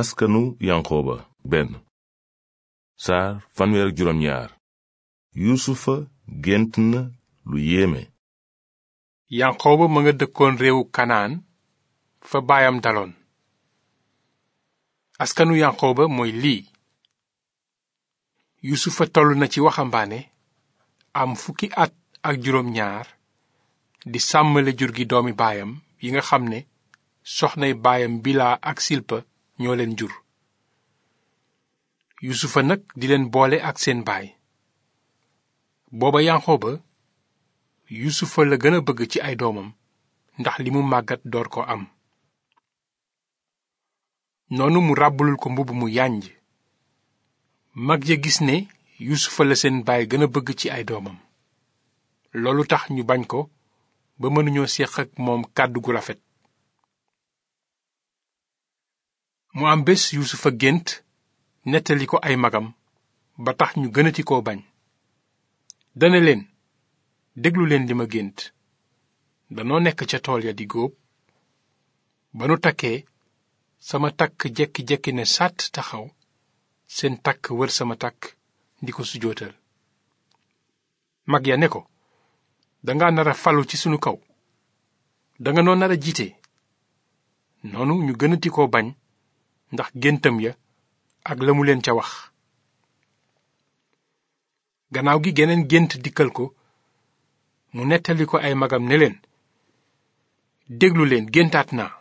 askanu yanqooba benn saar fanweer ak juróom yuusufa gént na lu yéeme yanqooba ma nga dëkkoon réewu kanaan fa baayam daloon askanu yanqooba mooy lii yuusufa toll na ci waxambaane am fukki at ak juróom ñaar di sàmmale jur gi doomi baayam yi nga xam ne soxnay baayam bilaa ak silpa ñoo leen jur yusufa nag di leen boole ak seen baay booba yanqooba yusufa la gën a bëgg ci ay doomam ndax li mu màggat door ko am noonu mu ràbbalul ko mbubb mu yànj mag ja gis ne yusufa la seen baay gën a bëgg ci ay doomam loolu tax ñu bañ ko ba mënuñoo séq ak moom kàddu gu rafet mu am bés yuusufa gént nettali ko ay magam ba tax ñu gënati koo bañ dane leen déglu leen li ma gént danoo nekk ca tool ya di góob ba nu takkee sama takk jekki-jekki ne sàtt taxaw seen takk wër sama takk di ko sujootal mag ya ne ko danga nar a falu ci sunu kaw danga noo nar a jiite noonu ñu gënati koo bañ ndax géntam ya ak la mu leen ca wax gannaaw gi geneen gént dikkal ko mu nettali ko ay magam ne leen déglu leen géntaat naa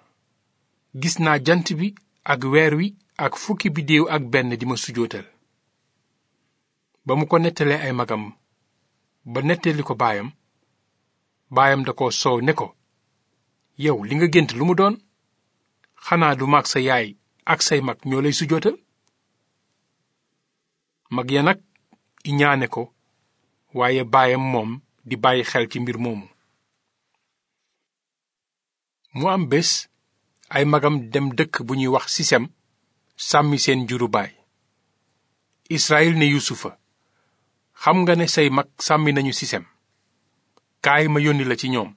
gis naa jant bi ak weer wi ak fukki biddeew ak benn di ma sujootal ba mu ko nettalee ay magam ba nettali ko baayam baayam da ko soow ne ko yow li nga gént lu mu doon xanaa du maag sa yaay ak say mag ñoo lay sujootal mag ya nag iñaane ko waaye baayam moom di bàyyi xel ci mbir moomu mu am bés ay magam dem dëkk bu ñuy wax sisem sàmmi seen juru baay israel ne yusufa xam nga ne say mag sàmmi nañu sisem kaay ma yónni la ci ñoom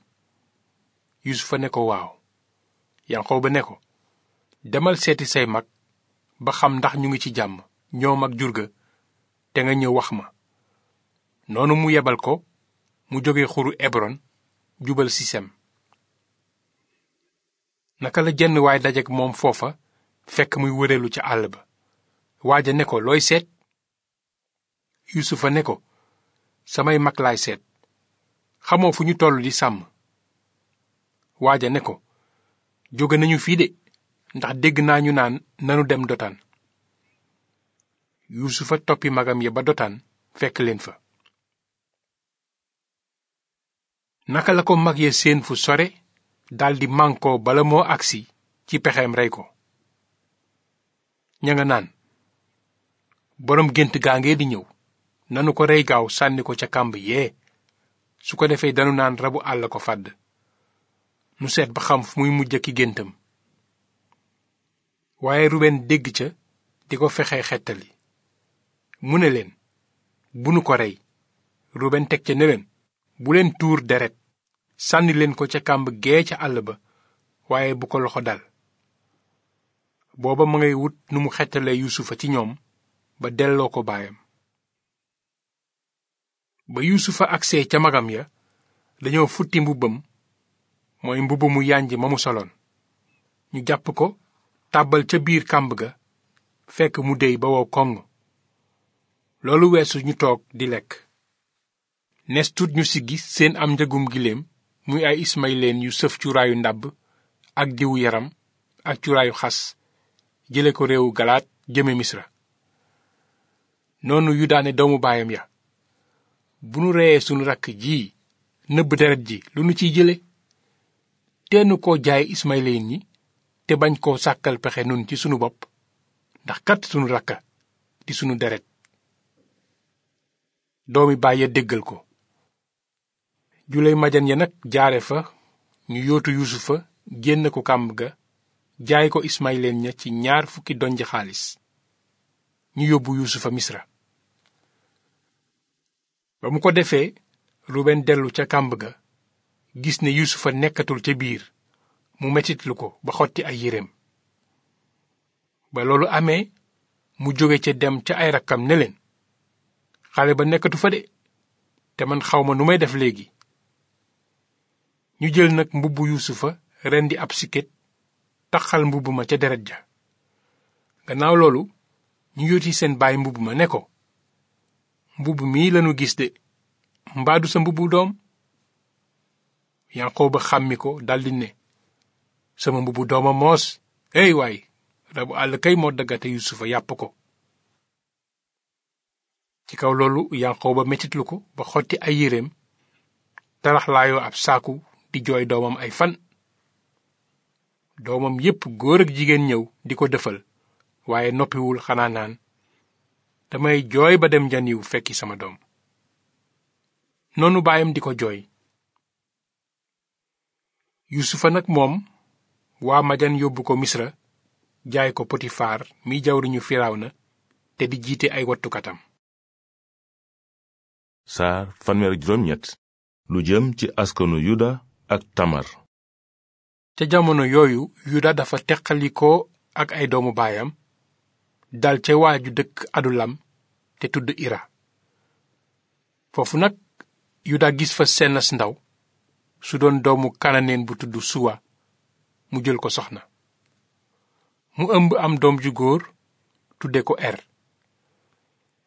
yusufa ne ko waaw ba ne ko demal seeti say mag ba xam ndax ñu ngi ci jàmm ñoo mag jur ga te nga ñëw wax ma noonu mu yebal ko mu jóge xuru Ebron jubal Sisem naka la jenn waay dajeek moom foofa fekk muy wëreelu ca àll ba waaja ne ko looy seet yusufa ne ko samay mag laay seet xamoo fu ñu toll di sàmm waaja ne ko jóge nañu fii de ndax dégg naa ñu naan nanu dem dotaan yuusufa toppi magam ya ba dotaan fekk leen fa naka la ko mag ya seen fu sore daldi mànkoo bala moo agsi ci pexeem rey ko ña nga naan boroom gént gaa gaangee di ñëw nanu ko rey gaaw sànni ko ca kàmb yee su ko defee danu naan rabu àll ko fàdd nu seet ba xam fu muy mujj ki géntam waaye ruben dégg ca di ko fexe xettali mu ne leen bu nu ko rey ruben teg ca ne leen bu leen tuur deret sànni leen ko ca kàmb gee ca àll ba waaye bu ko loxo dal booba ma ngay wut nu mu xettalee yuusufa ci ñoom ba delloo ko baayam ba yuusufa agsee ca magam ya dañoo futti mbubbam mooy mbubb mu yànj ma mu soloon ñu jàpp ko tàbbal ca biir kàmb ga fekk mu dey ba wow koŋ loolu weesu ñu toog di lekk nes tut ñu siggi seen am njëgum giléem muy ay ismayleen yu sëf cuuraayu ndàbb ak diwu yaram ak cuuraayu xas jële ko réewu galaat jëme misra noonu yu daane doomu baayam ya bu nu reyee sunu rakk ji nëbb deret ji lu nu ciy jële teenu ko jaay ismayleen ñi te bañ koo sàkkal pexe nun ci sunu bopp ndax kat sunu rakka di sunu deret doomi bàyyi déggal ko julay majan ya nag jaare fa ñu yootu yuusufa génn ko kàmb ga jaay ko ismayleen ña ci ñaar fukki donj xaalis ñu yóbbu yuusufa misra ba mu ko defee ruben dellu ca kàmb ga gis ne yuusufa nekkatul ca biir mu metitlu ko ba xotti ay yéreem ba loolu amee mu jóge ca dem ca ay rakkam ne leen xale ba nekkatu fa de te man xawma nu may def léegi ñu jël nag mbubbu yuusufa rendi ab siket taxal mbubb ma ca deret ja gannaaw loolu ñu yóoti seen baay mbubb ma ne ko mbubb mii lanu gis de mbaadu sa mbubbu doom yanqoo ba xàmmi ko daldi ne sama mbubu doomam moos ey waay rabu àll kay moo daggate yusufa yàpp ko ci kaw loolu yanqooba metitlu ko ba xotti ay yéreem taraxlaayoo ab saaku di jooy doomam ay fan doomam yépp góor ak jigéen ñëw di ko defal waaye noppiwul xanaa naan damay jooy ba dem janiw fekki sama doom noonu baayam di ko jooy yusufa nag moom waa Madian yóbbu ko Misra jaay ko Potifaar mi jawriñu Firawna te di jiite ay wattukatam saar fanweer ak lu jëm ci askanu ca jamono yooyu yuda dafa teqalikoo ak ay doomu baayam dal ca waaju dëkk adulam te tudd ira foofu nag yuda gis fa senas ndaw su doon doomu kananeen bu tudd suwa mu jël ko soxna mu ëmb am doom ju góor tudde ko er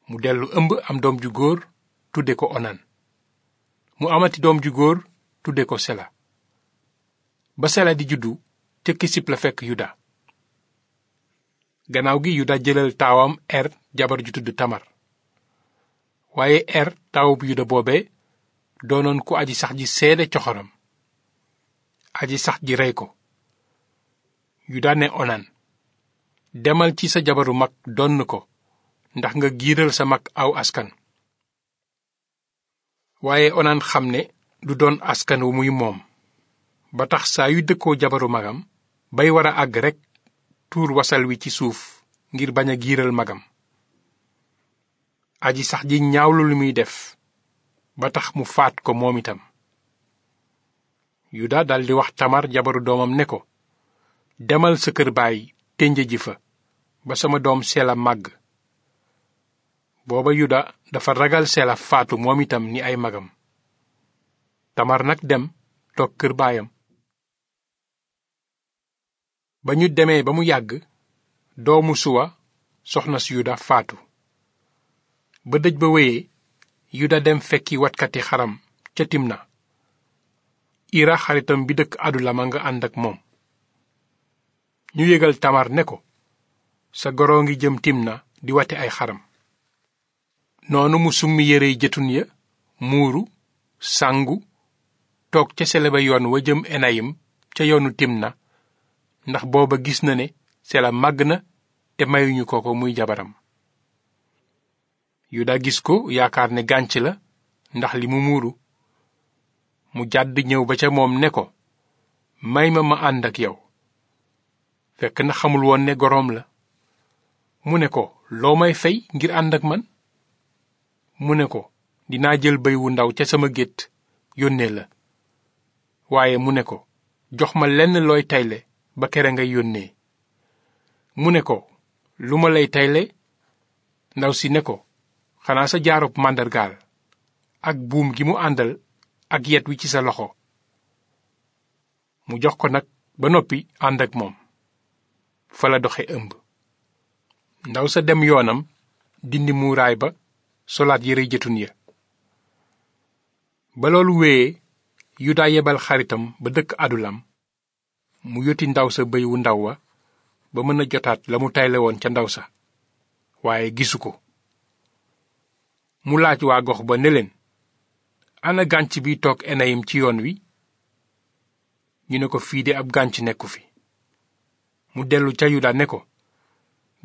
mu dellu ëmb am doom ju góor tudde ko onan mu amati doom ju góor tudde ko sela ba sela di juddu te kisip la fekk yuda gannaaw gi yuda jëlal taawam er jabar ju tudd tamar waaye er taawub yuda boobe doonoon ku aji sax ji seede coxoram aji sax ji rey ko yuda ne onan demal ci sa jabaru mag donn ko ndax nga giiral sa mag aw askan waaye onan xam ne du doon askan wu muy moom ba tax saa yu dëkkoo jabaru magam bay war a àgg tuur wasal wi ci suuf ngir bañ a giiral magam aji sax ji ñaawlu lu muy def ba tax mu faat ko moom itam yuda daldi wax tamar jabaru doomam ne ko demal sa kër baay tenje fa ba sama doom sela màgg booba yuda dafa ragal seela faatu moom itam ni ay magam tamar nag dem toog kër baayam ba ñu demee ba mu yàgg doomu suwa soxna si yuda faatu ba dëj ba wéyee yuda dem fekki watkati xaram ca timna ira xaritam bi dëkk adulama nga ànd ak moom ñu yégal tamar ne ko sa goro ngi jëm na di wate ay xaram noonu mu summi yérey jëtun ya muuru sangu toog ca sele ba yoon wa jëm enayim ca yoonu na ndax booba gis na ne sela màgg na te mayuñu ko ko muy jabaram yuda gis ko yaakaar ne gànc la ndax li mu muuru mu jàdd ñëw ba ca moom ne ko may ma ma ànd ak yow fekk na xamul woon ne goroom la mu ne ko loo may fey ngir ànd ak man mu ne ko dinaa jël bay wu ndaw ca sama gétt yónnee la waaye mu ne ko jox ma lenn looy tayle ba kere ngay yónnee mu ne ko lu ma lay tayle ndaw si ne ko xanaa sa jaarub màndargaal ak buum gi mu àndal ak yet wi ci sa loxo mu jox ko nag ba noppi ànd ak moom fa la ndaw sa dem yoonam dindi muuraay ba solaat yëre jëtun ya ba loolu wéyee yuda yebal xaritam ba dëkk adulam mu yoti ndaw sa bëy wu ndaw wa ba mën a jotaat la mu tayle woon ca ndaw sa waaye gisu ko mu laaj waa gox ba ne leen ana gànc bi toog enayim ci yoon wi ñu ne ko fii de ab gànc nekku fi mu dellu ca yuda ne ko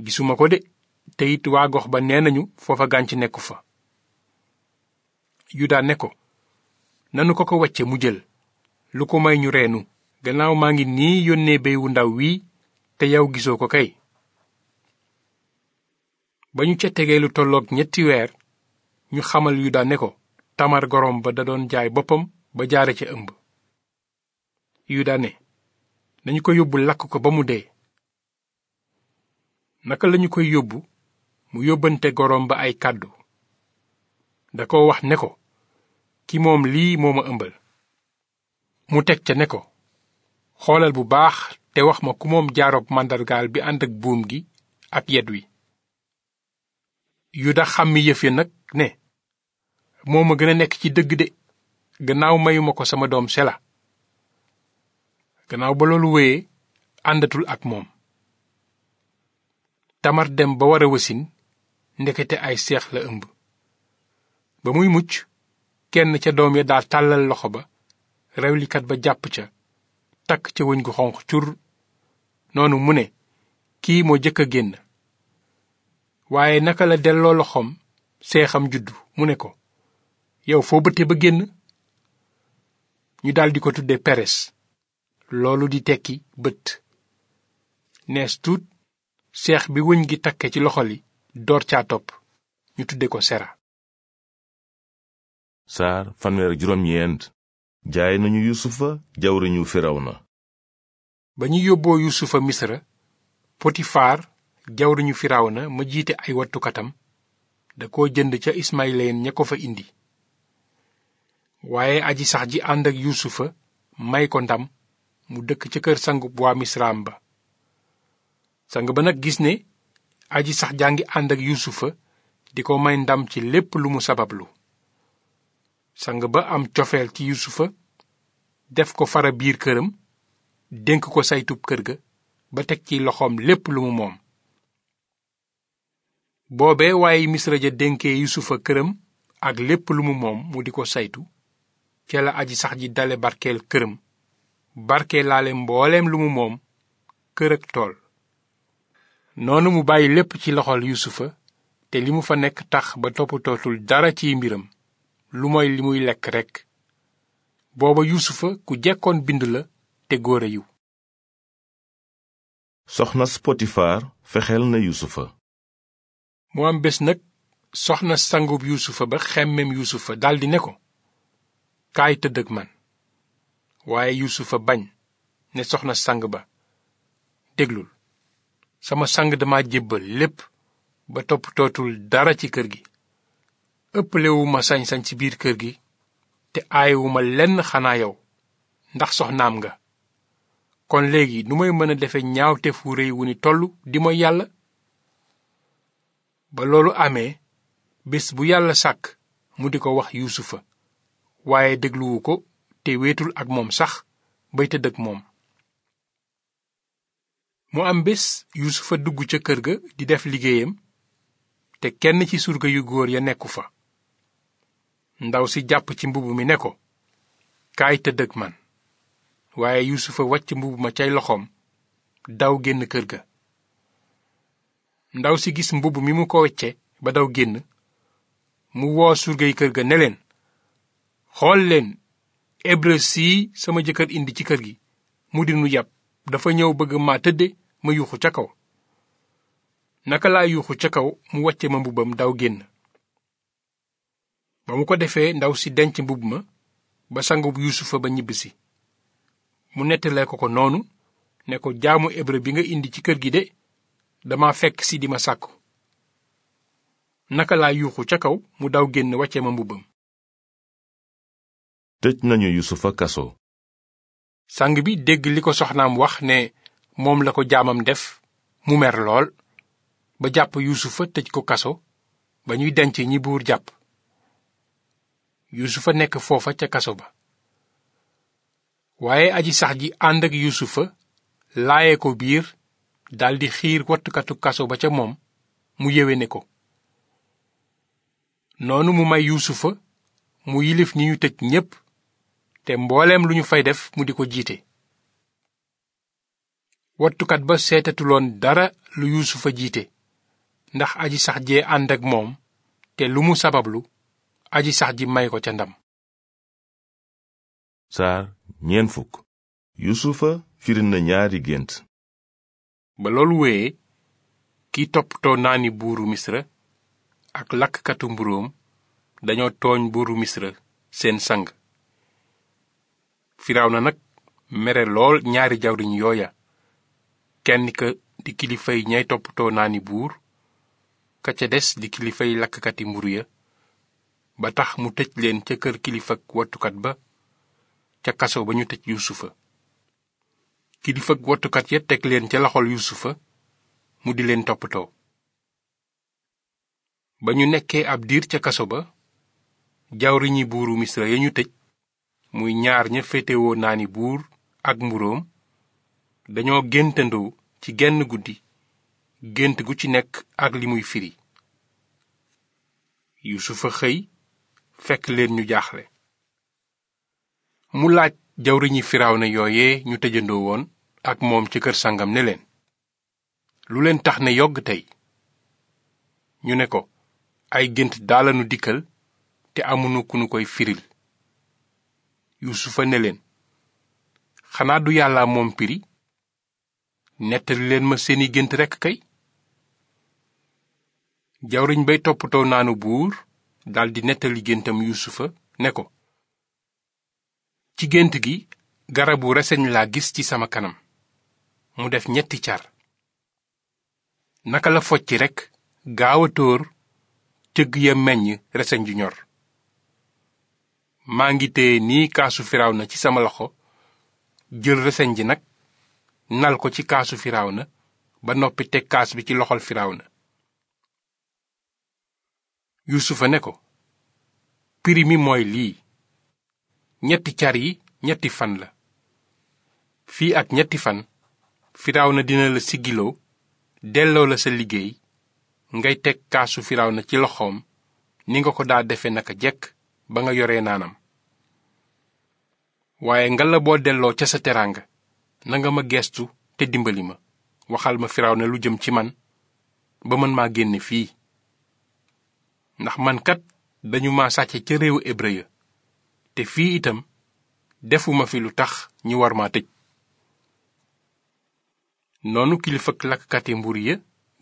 gisuma ko de te waa gox ba nee nañu foofa gànc nekku fa yuda ne ko nanu ko ko wacce mu jël lu ko may ñu reenu gannaaw maa ngi nii yónnee béy wu ndaw wii te yow gisoo ko kay ba ñu ca tegee lu tollook ñetti weer ñu xamal yuda ne ko tamar gorom ba da doon jaay boppam ba jaare ca ëmb yuda ne nañu ko yóbbu lakk ko ba mu dee naka lañu koy yóbbu mu yóbbante goroom ba ay kàddu da ko wax ne ko ki moom lii moo ma ëmbal mu teg ca ne ko xoolal bu baax te wax ma ku moom jaaroob màndargaal bi ànd ak buum gi ak yet wi yuda xàmmi yëf ya nag ne moo ma gën a nekk ci dëgg de gannaaw mayuma ko sama doom sela gannaaw ba loolu wéyee àndatul ak moom tamar dem ba war a wasin ndekete ay seex la ëmb ba muy mucc kenn ca doom ya daal tàllal loxo ba rewlikat ba jàpp ca takk ca wëñ gu xonq cur noonu mu ne kii moo jëkk a génn waaye naka la delloo loxoom seexam juddu mu ne ko yow foo bëtte ba génn ñu daldi ko tudde peres loolu di tekki bët nees tuut seex bi wëñ gi takke ci loxo li door caa ñu tudde ko sera saar fanweer ak juróom ñeent jaay nañu yusufa jawriñu firawna ba ñu yóbboo yusufa misra potifaar jawriñu firawna ma jiite ay wattukatam da ko jënd ca ismayileen ña ko fa indi waaye aji sax ji ànd ak yusufa may ko ndam mu dëkk ca kër sangub waa misraam ba sang ba nag gis ne aji sax jàngi ànd ak yuusufa di ko may ndam ci lépp lu mu sabablu sang ba am cofeel ci yuusufa def ko fara biir këram dénk ko saytub kër ga ba teg ci loxoom lépp lu mu moom boobe waaye misra ja dénkee yusufa këram ak lépp lu mu moom mu di ko saytu ca la aji sax ji dale barkeel këram barkeelaale mbooleem lu mu moom kër ak tool noonu mu bàyyi lépp ci loxol yusufa te li mu fa nekk tax ba toppatootul dara ciy mbiram lu moy li muy lekk rekk booba yusufa ku jekkoon bind la te góor a yiw soxna potifaar fexeel na yusufa mu am bés nag soxna sangu yuusufa ba xemmem yuusufa daldi ne ko kaay tëdd ak man waaye yuusufa bañ ne soxna sang ba déglul sama sang dama jébbal lépp ba toppatootul dara ci kër gi ëpplewuma sañsañ ci biir kër gi te aayewuma lenn xanaa yow ndax soxnaam nga kon léegi nu may mën a defe ñaawte fu rëy wu ni toll di mooy yàlla ba loolu amee bés bu yàlla sàkk mu di ko wax yuusufa waaye dégluwu ko te weetul ak moom sax bay tëdd ak moom mu am bés yuusufa dugg ca kër ga di def liggéeyam te kenn ci surga yu góor ya nekku fa ndaw si jàpp ci mbubb mi ne ko kaay tëdd ak man waaye yuusufa wàcc mbubb ma cay loxoom daw génn kër ga ndaw si gis mbubb mi mu ko wecce ba daw génn mu woo surgay kër ga ne leen xool leen hébreu sii sama jëkkër indi ci kër gi mu di nu yàpp dafa ñëw bëgg ma tëdde ma yuuxu ca kaw naka laa yuuxu ca kaw mu wàcce ma mbubbam daw génn ba mu ko defee ndaw si denc mbubb ma ba sangub yuusufa ba ñibbisi mu nettalee ko ko noonu ne ko jaamu ebre bi nga indi ci kër gi de dama fekk si di ma sàkku naka laa yuuxu ca kaw mu daw génn wàcce ma mbubbam tëj nañu wax ne moom la ko jaamam def mu mer lool ba jàpp yuusufa tëj ko kaso ba ñuy denc ñi buur jàpp yuusufa nekk foofa ca kaso ba waaye aji sax ji ànd ak yuusufa laaye ko biir daldi xiir wattukatu kaso ba ca moom mu ni ko noonu mu may yuusufa mu yilif ñi ñu tëj ñépp te mbooleem lu ñu fay def mu di ko jiite wattukat ba seetatuloon dara lu yuusufa jiite ndax aji sax jee ànd ak moom te lu mu sabablu aji sax ji may ko ca ndam saar ñeent fukk ñaari gént ba loolu wéyee ki toppatoo naani buuru misra ak lakkatu mburóom dañoo tooñ buuru misra seen sang firaaw na nag mere lool ñaari jawriñ yooya kenn ka di kilifay ñay toppatoo ni buur ka ca des di kilifay lakkati mburu ya ba tax mu tëj leen ca kër kilifa wattukat ba ca kaso ba ñu tëj yuusufa kilifa wattukat ya teg leen ca loxol yuusufa mu di leen toppatoo ba ñu nekkee ab diir ca kaso ba jawriñi buuru misra ya ñu tëj muy ñaar ña féetewoo ni buur ak mburoom dañoo géntandoo ci genn guddi gént gu ci nekk ak li muy firi yusufa xëy fekk leen ñu jaaxle mu laaj jawriñi na yooye ñu tëjandoo woon ak moom ci kër sangam ne leen lu leen tax ne yogg tey ñu ne ko ay gént daalanu dikkal te amunu ku nu koy firil yusufa ne xanaa du yàlla moom piri nettali leen ma seeni gént rekk kay jawriñ bay toppatoo naanu buur daldi nettali géntam yuusufa ne ko ci gént gi garabu reseñ laa gis ci sama kanam mu def ñetti car naka la focci rekk gaaw a tóor cëgg ya meññ reseñ ju ñor maa ngi téye nii kaasu firaaw na ci sama loxo jël reseñ ji nag nal ko ci kaasu firawna ba noppi teg kaas bi ci loxol firawna yuusufa ne ko piri mi mooy lii ñetti car yi ñetti fan la fii ak ñetti fan firaw na dina la siggiloo delloo la sa liggéey ngay teg kaasu firaw na ci loxoom ni nga ko daa defe naka jekk ba nga yoree naanam waaye nga la boo delloo ca sa teraanga nanga ma geestu te dimbali ma waxal ma Firawna lu jëm ci man ba mën maa génne fii ndax mankat dañu ma sàcce ca réewu hébreu ya te fii itam defuma fi lu tax ñu war ma tëj noonu kilifa lakkati mbur ya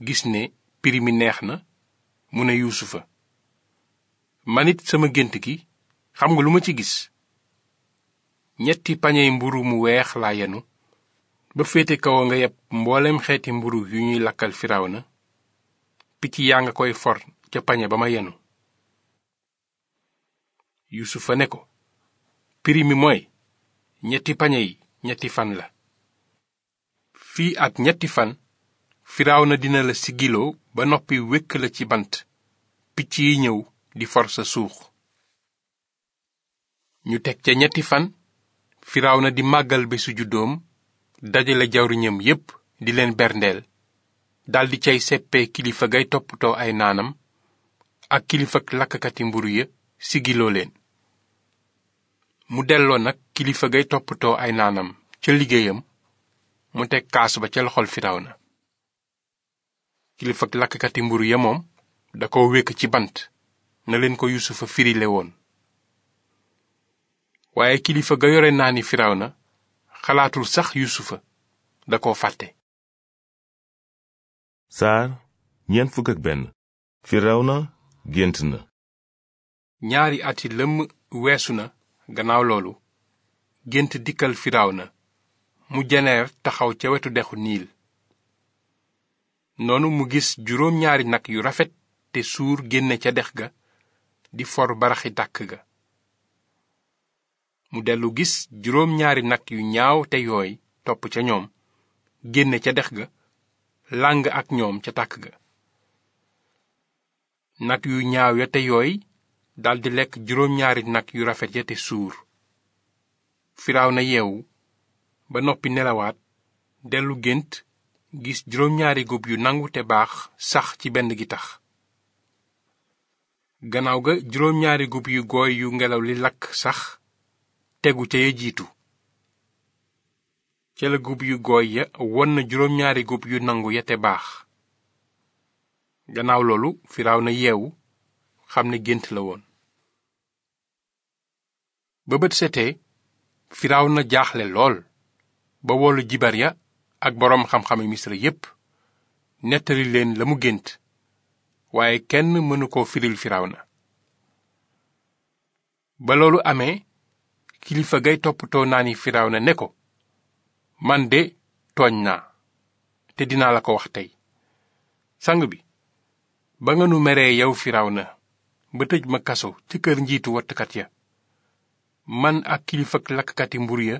gis ne piri mi neex na mu ne yuusufa man sama gént gi xam nga lu ma ci gis ñetti pañey mburu mu weex laa yenu ba féete kaw a nga yeb mboolem xeeti mburu yu ñuy lakkal na picc yaa nga koy for ca pañe ba ma yenu yusufa ne ko prix mi mooy ñetti pañe yi ñetti fan la fii ak ñetti fan na dina la sigiloo ba noppi wékk la ci bant picc yi ñëw di for sa suux ñu teg ca ñetti fan na di màggal bésu juddoom dajale jawriñam yépp di leen berndeel daldi cay seppee kilifa gay toppatoo ay naanam ak kilifa lakkati mburu ya sigiloo leen mu delloo nag kilifa gay toppatoo ay naanam ca liggéeyam mu teg kaas ba ca loxol na kilifa lakkati mburu ya moom da ko wékk ci bant na leen ko Yuusufa firile woon waaye kilifa ga yore naani na xalaatul sax yusufa da ko fàtte saar ñeent fukk ak benn firawna gént na ñaari ati lëmm weesu na gannaaw loolu gént dikkal na mu jeneer taxaw ca wetu dexu niil noonu mu gis juróom ñaari nag yu rafet te suur génne ca dex ga di for baraxi tàkk ga mu dellu gis juróom ñaari nag yu ñaaw te yooy topp ca ñoom génne ca dex ga làng ak ñoom ca tàkk ga nag yu ñaaw ya te yooy daldi lekk juróom ñaari nag yu rafet ya te suur firaaw na yeewu ba noppi nelawaat dellu gént gis juróom ñaari góob yu nangu te baax sax ci benn gi tax gannaaw ga juróom ñaari góob yu gooy yu ngelaw li lakk sax tegu ca ya jiitu ca la gub yu gooy ya won na juróom ñaari gub yu nangu ya te baax gannaaw loolu firaaw na yeewu xam ne gént la woon ba bët setee firaaw na jaaxle lool ba woolu jibar ya ak boroom xam-xami misra yépp nettali leen la mu gént waaye kenn mënu ko firil firaaw na ba loolu amee kilifa gay toppatoo naa ni firaaw na ne ko man de tooñ naa te dinaa la ko wax tey sang bi ba nga nu meree yow firaaw na ba tëj ma kaso ci kër njiitu wattkat ya man ak kilifa lakkati mbur ya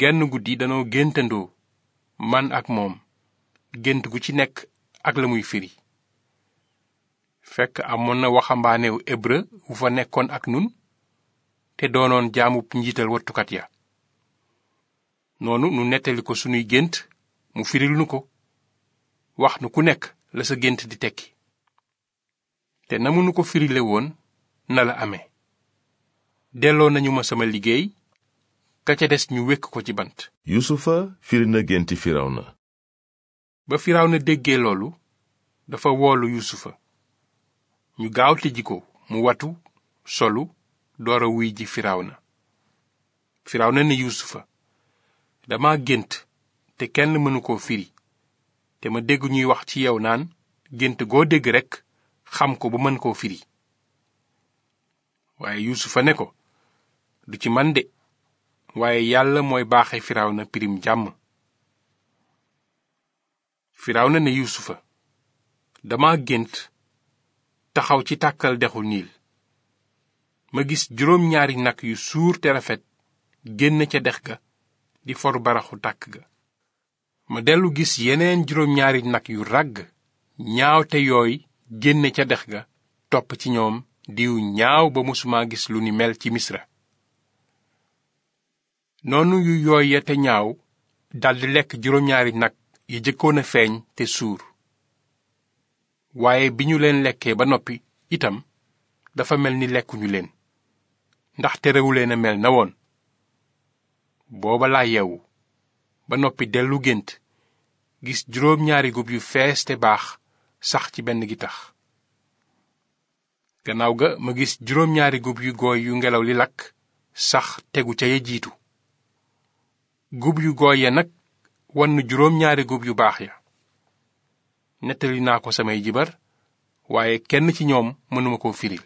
genn guddi danoo géntandoo man ak moom gént gu ci nekk ak la muy firi fekk amoon na waxambaanewu hébreu wu fa nekkoon ak nun te doonoon jaamu njiital wattukat ya noonu nu nettali ko sunuy gént mu firil nu ko wax nu ku nekk la sa gént di tekki te na mënu ko firile woon na la amee delloo nañu ma sama liggéey ka ca des ñu wékk ko ci bant yusufa firi na génti firawna ba firawna déggee loolu dafa woolu yusufa ñu gaaw tëji ko mu watu solu door a wuy ji firawna firawna ne yuusufa dama gént te kenn mënu koo firi te ma dégg ñuy wax ci yow naan gént goo dégg rekk xam ko bu mën koo firi waaye yuusufa ne ko du ci man de waaye yàlla mooy baaxe firaw na pirim jàmm firawna ne yuusufa dama gént taxaw ci tàkkal dexu niil ma gis juróom ñaari nag yu suur te rafet génn ca dex ga di foru baraxu tàkk ga ma dellu gis yeneen juróom ñaari nag yu ràgg ñaaw te yooy génn ca dex ga topp ci ñoom diw ñaaw ba mësuma gis lu ni mel ci misra noonu yu yooy ya te ñaaw daldi lekk juróom ñaari nag yi jëkkoon a feeñ te suur waaye bi ñu leen lekkee ba noppi itam dafa mel ni lekkuñu leen ndax terewuleen a mel na woon booba laa yeewu ba noppi dellu gént gis juróom ñaari gub yu fees te baax sax ci benn gi tax gannaaw ga ma gis juróom ñaari gub yu gooy yu ngelaw li lakk sax tegu ca ya jiitu gub yu gooy ya nag wann juróom ñaari gub yu baax ya nettali naa ko samay jibar waaye kenn ci ñoom mënuma koo firil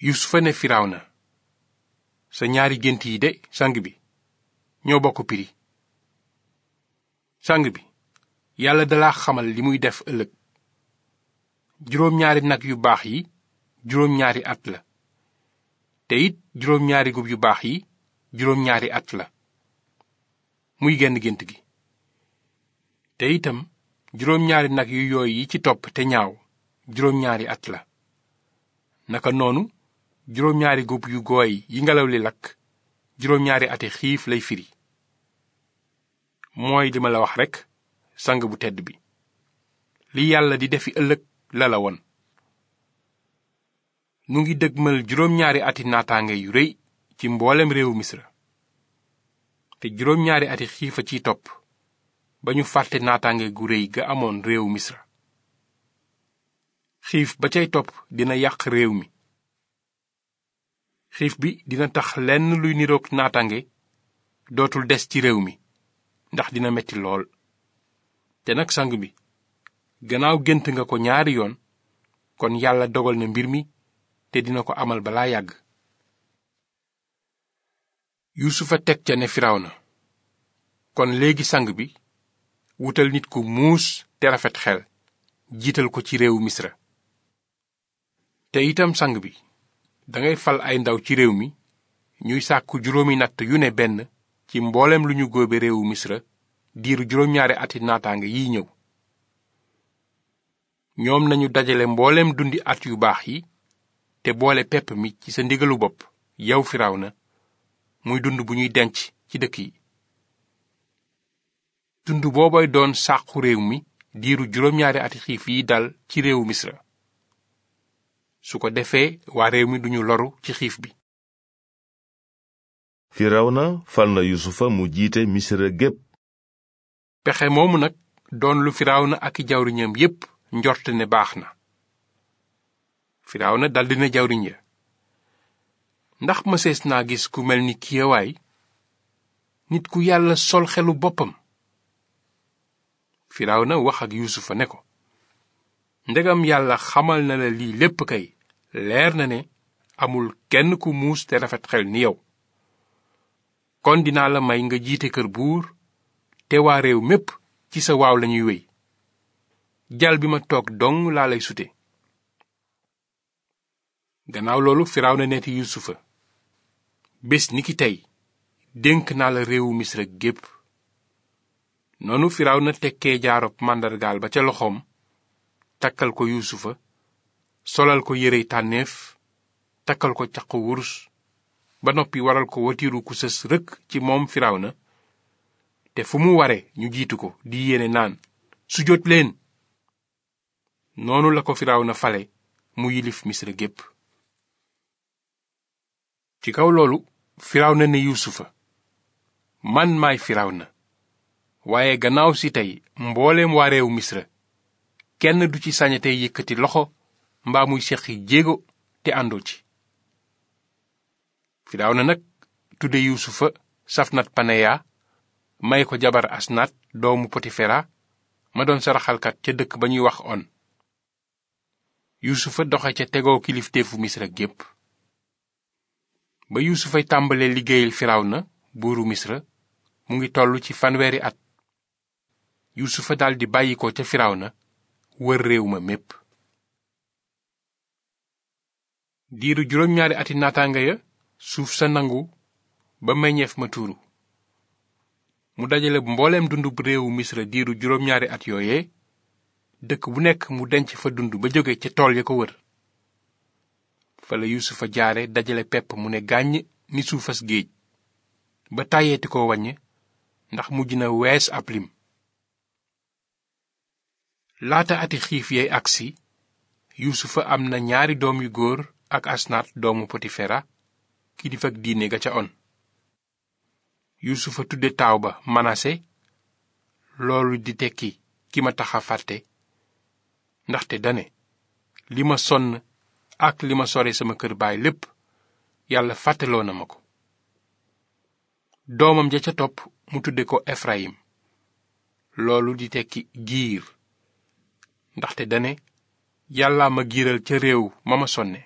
yusufa ne na sa ñaari gént yi de sang bi ñoo bokk piri sang bi yàlla dala xamal li muy def ëllëg juróom ñaari nag yu baax yi juróom ñaari at la te it juróom ñaari gub yu baax yi juróom ñaari at la muy genn gént gi te itam juróom ñaari nag yu yooy yi ci topp te ñaaw juróom ñaari at la naka noonu juróom-ñaari góob yu gooy yi ngelaw li lakk juróom-ñaari ati xiif lay firi mooy li wax rekk sang bu tedd bi li yàlla di defi ëllëg la la woon nu ngi dëgmal juróom-ñaari ati naataange yu rëy ci mboolem réew misra te juróom-ñaari ati xiifa ciy topp ba ñu fàtte naataange gu rëy ga amoon réew misra xiif ba cay topp dina yàq réew mi xiif bi dina tax lenn luy niroog naatange dootul des ci réew mi ndax dina metti lool te nag sang bi gannaaw gént nga ko ñaari yoon kon yàlla dogal na mbir mi te dina ko amal balaa yàgg yuusufa teg ca ne na kon léegi sang bi wutal nit ku muus te rafet xel jiital ko ci réewu misra te itam sang bi dangay fal ay ndaw ci réew mi ñuy sàkku juróomi natt yu ne benn ci mbooleem lu ñu góobe réewu misra diiru juróom-ñaari ati naataange yiy ñëw ñoom nañu dajale mbooleem dundi at yu baax yi te boole pepp mi ci sa ndigalu bopp yow na muy dund bu ñuy denc ci dëkk yi dund boobay doon sàqu réew mi diiru juróom-ñaari ati xiif yi dal ci réewu misra su ko defee waa mi duñu loru ci xiif bi firawna fal na yusufa mu jiite misira gépp pexe moomu nag doon lu na ak jawriñam yépp njorte ne baax na firawna daldi ne jawriñ ya ndax mësees naa gis ku mel ni kiyawaay nit ku yàlla sol xelu boppam firawna wax ak yuusufa ne ko ndegam yàlla xamal na la lii lépp kay leer na ne amul kenn ku muus te rafet xel ni yow kon dinaa la may nga jiite kër buur te waa réew mépp ci sa waaw lañuy wéy jal bi ma toog dong laa lay sute gannaaw loolu firaaw na neeti yusufa bés ni ki tey dénk naa la réewu misra gépp noonu firaaw na tekkee jaarob màndargaal ba ca loxoom takkal ko yuusufa solal ko yérey tànneef takkal ko caq wurus ba noppi waral ko watiiru ku sës rëkk ci moom na te fu mu ware ñu jiitu ko di yéene naan su jot leen noonu la ko na fale mu yilif misra gépp ci kaw loolu na ne yuusufa man maay na waaye gannaaw si tey mbooleem waa réew misra kenn du ci sañatee yëkkati loxo mbaa muy seqi jéego te àndoo ci na nag tudde Yuusufa Safnat Paneya may ko jabar Asnaat doomu Potifera ma doon saraxalkat ca dëkk ba ñuy wax on Yuusufa doxe ca tegoo kilifteefu Misra gépp ba Yuusufay tàmbalee liggéeyal na buuru Misra mu ngi toll ci fanweeri at Yuusufa daldi bàyyi ko ca na wër réew ma mépp diiru juróom ñaari ati naataanga ya suuf sa nangu ba meññeef ma tuuru mu dajale bu mbooleem dundub réewu misra diiru juróom ñaari at yooye dëkk bu nekk mu denc fa dund ba jóge ca tool ya ko wër fa la yuusufa jaare dajale pepp mu ne gàññ ni suufas géej ba tàyyeeti ko wàññ ndax mujj na wees ab lim laata ati xiif yee agsi yuusufa am na ñaari doom yu góor ak asnaat doomu potifera kilifa ak diine ga ca on yuusufa tudde taaw ba manase loolu di tekki ki ma taxa fàtte ndaxte dane li ma sonn ak li ma sore sama kër baay lépp yàlla fàttaloo na ma ko doomam ja ca topp mu tudde ko efrayim loolu di tekki giir ndaxte dane yàllaa ma giiral ca réew ma ma sonne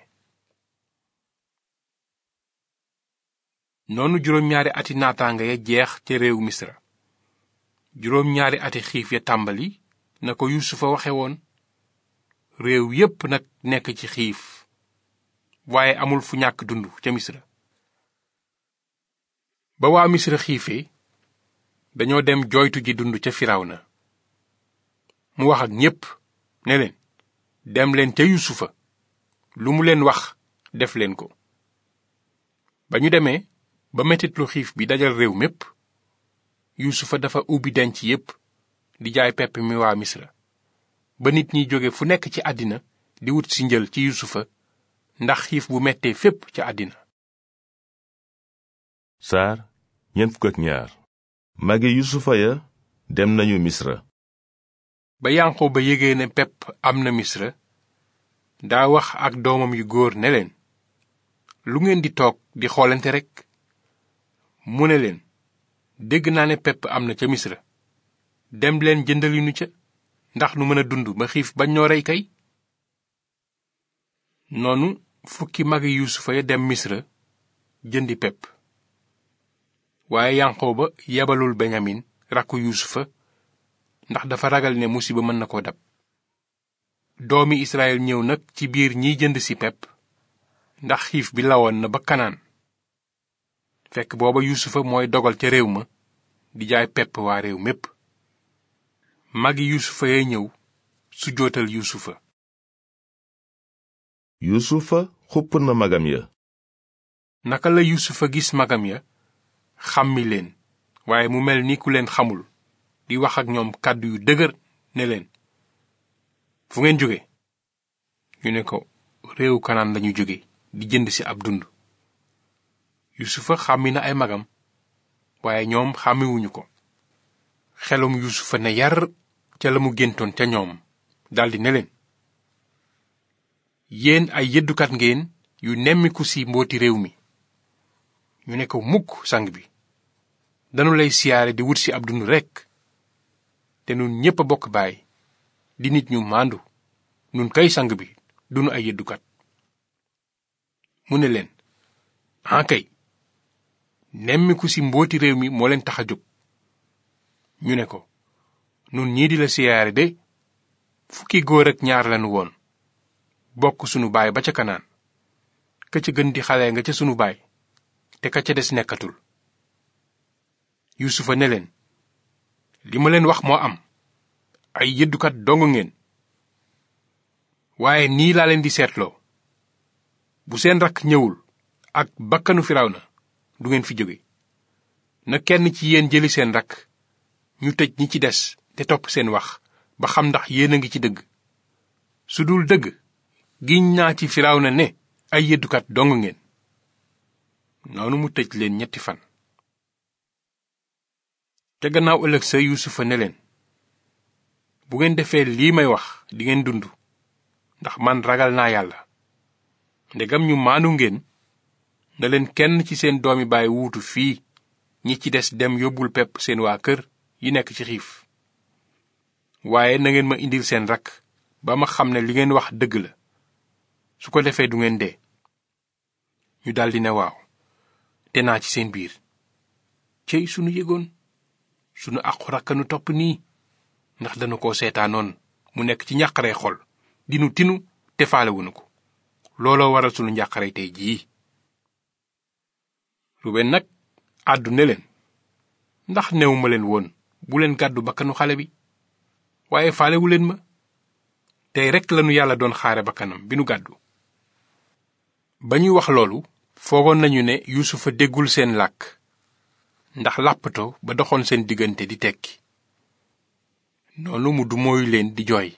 noonu juróom-ñaari ati naataanga ya jeex ca réew misra juróom-ñaari ati xiif ya tàmbali na ko yuusufa waxe woon réew yépp nag nekk ci xiif waaye amul fu ñàkk dund ca misra ba waa misra xiifee dañoo dem jooytu ji dund ca na mu wax ak ñépp ne leen dem leen ca yusufa lu mu leen wax def leen ko ba ñu demee ba metit xiif bi dajal réew mépp yuusufa dafa ubbi denc yépp di jaay pepp mi waa misra ba nit ñi jóge fu nekk ci àddina di wut si njël ci yuusufa ndax xiif bu mettee fépp ca àddina saar ñeent fukk dem nañu misra ba yanqoo ba yégee ne pepp am na misra daa wax ak doomam yu góor ne leen lu ngeen di toog di xoolante rekk mu ne leen dégg naa ne pepp am na ca misra dem leen jëndali nu ca ndax nu mën a dund ba xiif bañ ñoo rey kay noonu fukki magi yuusufa ya dem misra jëndi pepp waaye yanqoo ba yebalul benyamin rakku yuusufa ndax dafa ragal ne musiba mën na koo dab doomi Israël ñëw nag ci biir ñiy jënd si pepp ndax xiif bi lawoon na ba kanaan fekk booba yuusufa mooy dogal ca réew ma di jaay pepp waa réew mépp magi yuusufa yay ñëw su jootal yuusufa yuusufa xupp na magam ya naka la yuusufa gis magam ya xàmmi leen waaye mu mel ni ku leen xamul di wax ak ñoom kàddu yu dëgër ne leen fu ngeen jóge ñu ne ko réewu kanaan lañu jóge di jënd ci ab dund yusufa xàmmi na ay magam waaye ñoom xàmmiwuñu ko xelum yusufa ne yar ca la mu géntoon ca ñoom daldi ne leen yéen ay yëddukat ngeen yu nemmiku ci mbooti réew mi ñu ne ko mukk sang bi danu lay siyaare di wut ci ab dund rekk te nun ñépp a bokk baay di nit ñu màndu nun kay sang bi dunu ay yëddukat mu ne leen ankay ah nemmiku ci mbooti réew mi moo leen tax a jóg ñu ne ko nun ñii di la siyaare de fukki góor ak ñaar lanu woon bokk sunu baay ba ca kanaan ka ca gën di xale nga ca sunu baay te ka ca des nekkatul yuusufa ne leen li ma leen wax moo am ay yëddukat dong ngeen waaye nii laa leen di seetloo bu seen rakk ñëwul ak bakkanu na du ngeen fi jóge na kenn ci yéen jëli seen rakk ñu tëj ñi ci des te topp seen wax ba xam ndax yéen a ngi ci dëgg su dul dëgg giñ naa ci na ne ay yëddukat dong ngeen noonu mu tëj leen ñetti fan te gannaaw ëllëg sa yuusufa ne leen bu ngeen defee lii may wax di ngeen dund ndax man ragal naa yàlla ndegam ñu maanu ngeen na leen kenn ci seen doomi baay wuutu fii ñi ci des dem yóbbul pepp seen waa kër yi nekk ci xiif waaye na ngeen ma indil seen rakk ba ma xam ne li ngeen wax dëgg la su ko defee du ngeen dee ñu daldi ne waaw te naa ci seen biir cey sunu yëgoon sunu àqu rakkanu topp nii ndax danu ko seetaanoon mu nekk ci njàqare xol dinu tinu te faalewunu ko looloo waral sunu njàqare tey jii ruben nag àdduna ne leen ndax newuma leen woon bu leen gàddu bakkanu xale bi waaye faalewu leen ma tey rekk lanu yàlla doon xaare bakkanam bi nu gàddu ba ñuy wax loolu foogoon nañu ne yuusufa déggul seen làkk ndax làppatoo ba doxoon seen diggante di tekki noonu mu du mooyu leen di jooy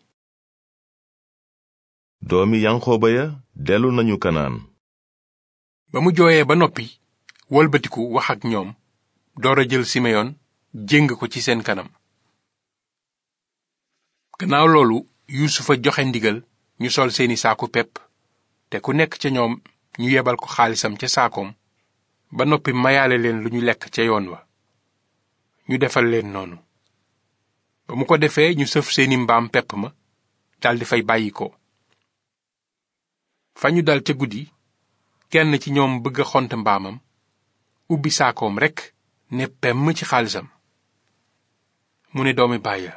doomi yanqooba ya dellu nañu kanaan ba mu jooyee ba noppi walbatiku wax ak ñoom door a jël simeyon jéng ko ci seen kanam gannaaw loolu yuusufa joxe ndigal ñu sol seeni saaku pepp te ku nekk ca ñoom ñu yebal ko xaalisam ca saakoom ba noppi mayaale leen lu ñu lekk ca yoon wa ñu defal leen noonu ba mu ko defee ñu sëf seeni mbaam pepp ma daldi fay bàyyi ko fa ñu dal ca guddi kenn ci ñoom bëgg a xont mbaamam ubbi saakoom rekk ne pemm ci xaalisam mu ne doomi bàyya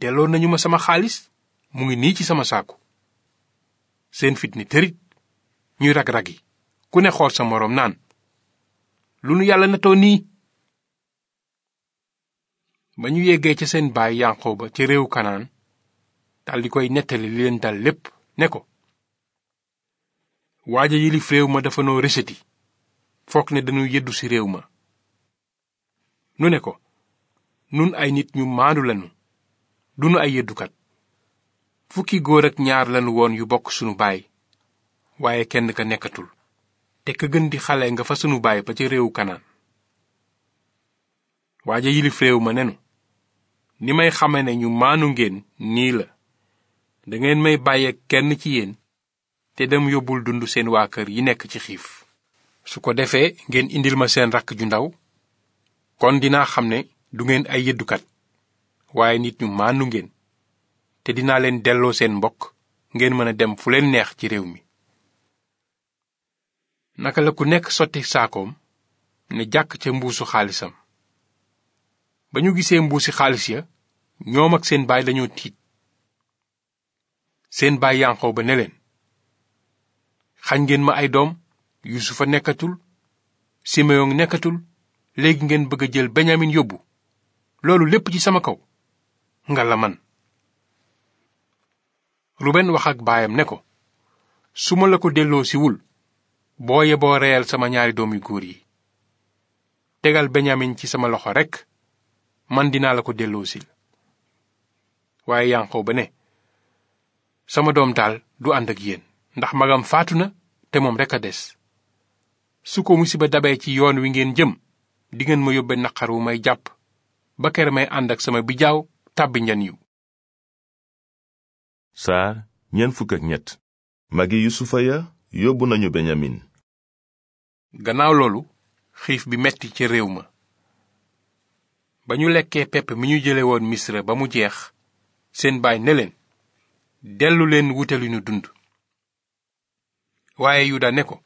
delloo nañu ma sama xaalis mu ngi nii ci sama saaku seen fitni ni tërit ñuy rag-rag yi ku ne xool sa moroom naan lu nu yàlla natoo nii ba ñu yeggee ca seen baay Yanqooba ca réewu Kanaan daldi koy nettali li leen dal lépp ne ko waaja yilif réew ma dafa noo reseti foog ne dañu yeddu ci réew ma nu ne ko nun ay nit ñu maandu lanu dunu ay yeddukat fukki góor ak ñaar lanu woon yu bokk sunu baay waaye kenn ka nekkatul te ka gën di xale nga fa sunu baay ba ci réewu kanaan waaja yilif réew ma nenu ni may xame ne ñu maanu ngeen nii la dangeen may bàyyeek kenn ci yéen te dem yóbbul dund seen waa kër yi nekk ci xiif su ko defee ngeen indil ma seen rakk ju ndaw kon dinaa xam ne du ngeen ay yëddukat waaye nit ñu maanu ngeen te dinaa leen delloo seen mbokk ngeen mën a dem fu leen neex ci réew mi naka la ku nekk sotti saakoom ne jàkk ca mbuusu xaalisam ba ñu gisee mbuusi xaalis ya ñoom ak seen baay dañoo tiit seen baay yanqoo ba ne leen xañ ngeen ma ay doom yusufa nekkatul simeyon nekkatul léegi ngeen bëgg a jël benyamin yóbbu loolu lépp ci sama kaw nga la man ruben wax ak baayam ne ko su ma la ko delloo boo yeboo reyal sama ñaari doom yu góor yi tegal beñamin ci sama loxo rekk man dinaa la ko delloosil waaye yanqoo ba ne sama doom daal du ànd ak yéen ndax magam faatu na te moom rekk a des su ko musiba dabee ci yoon wi ngeen jëm dingeen ma yóbbe naqar wu may jàpp ba kere may ànd ak sama bijaaw tàbbi njan yu saar ñeent yóbbu nañu beñamin gannaaw loolu xiif bi metti ca réew ma ba ñu lekkee pepp mi ñu jële woon misra ba mu jeex seen baay ne leen dellu leen wute lu ñu dund waaye yuda ne ko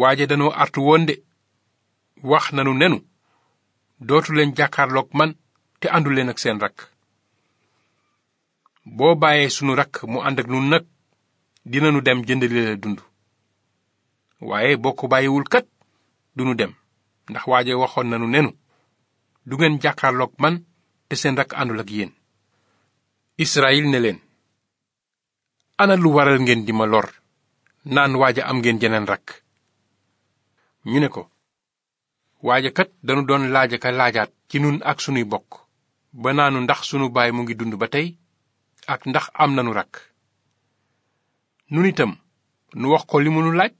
waaje danoo artu woon de wax nanu nenu dootu leen jàkkaarloog man te àndu leen ak seen rakk boo bàyyee sunu rakk mu ànd ak nun nag dina dem jëndali la dund waaye bokk bàyyiwul kat duñu dem ndax waaje waxoon nanu nenu du ngeen jàkkaarloog man te seen rakk àndul ak yéen israyil ne leen ana lu waral ngeen di ma lor naan waaja am ngeen jeneen rakk ñu ne ko waaja kat dañu doon laaja ka laajaat ci nun ak sunuy bokk ba naanu ndax sunu baay mu ngi dund ba tey ak ndax am nanu rakk nun itam nu wax ko li mu nu laaj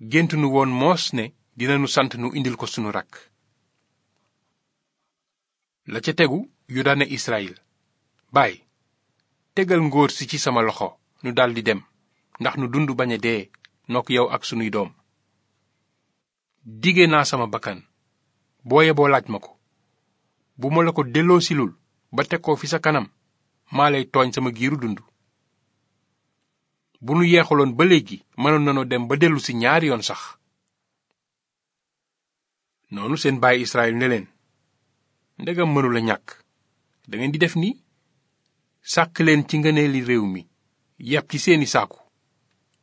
gént woon moos ne dinanu sant nu indil ko sunu rakk la ca tegu yuda ne israyil baay tegal ngóor si ci sama loxo nu daldi dem ndax nu dund bañ a dee nokk yow ak sunuy doom dige naa sama bakkan boo yeboo laaj ma ko bu ma la ko delloosilul ba teg ko fi sa kanam maa lay tooñ sama giiru dund bu nu yeexaloon ba léegi mënoon nañoo dem ba dellu si ñaari yoon sax noonu seen bàyyi Israël ne leen ndegam mënu la ñàkk dangeen di def nii sàkk leen ci ngëneeli réew mi yàpp ci seeni saaku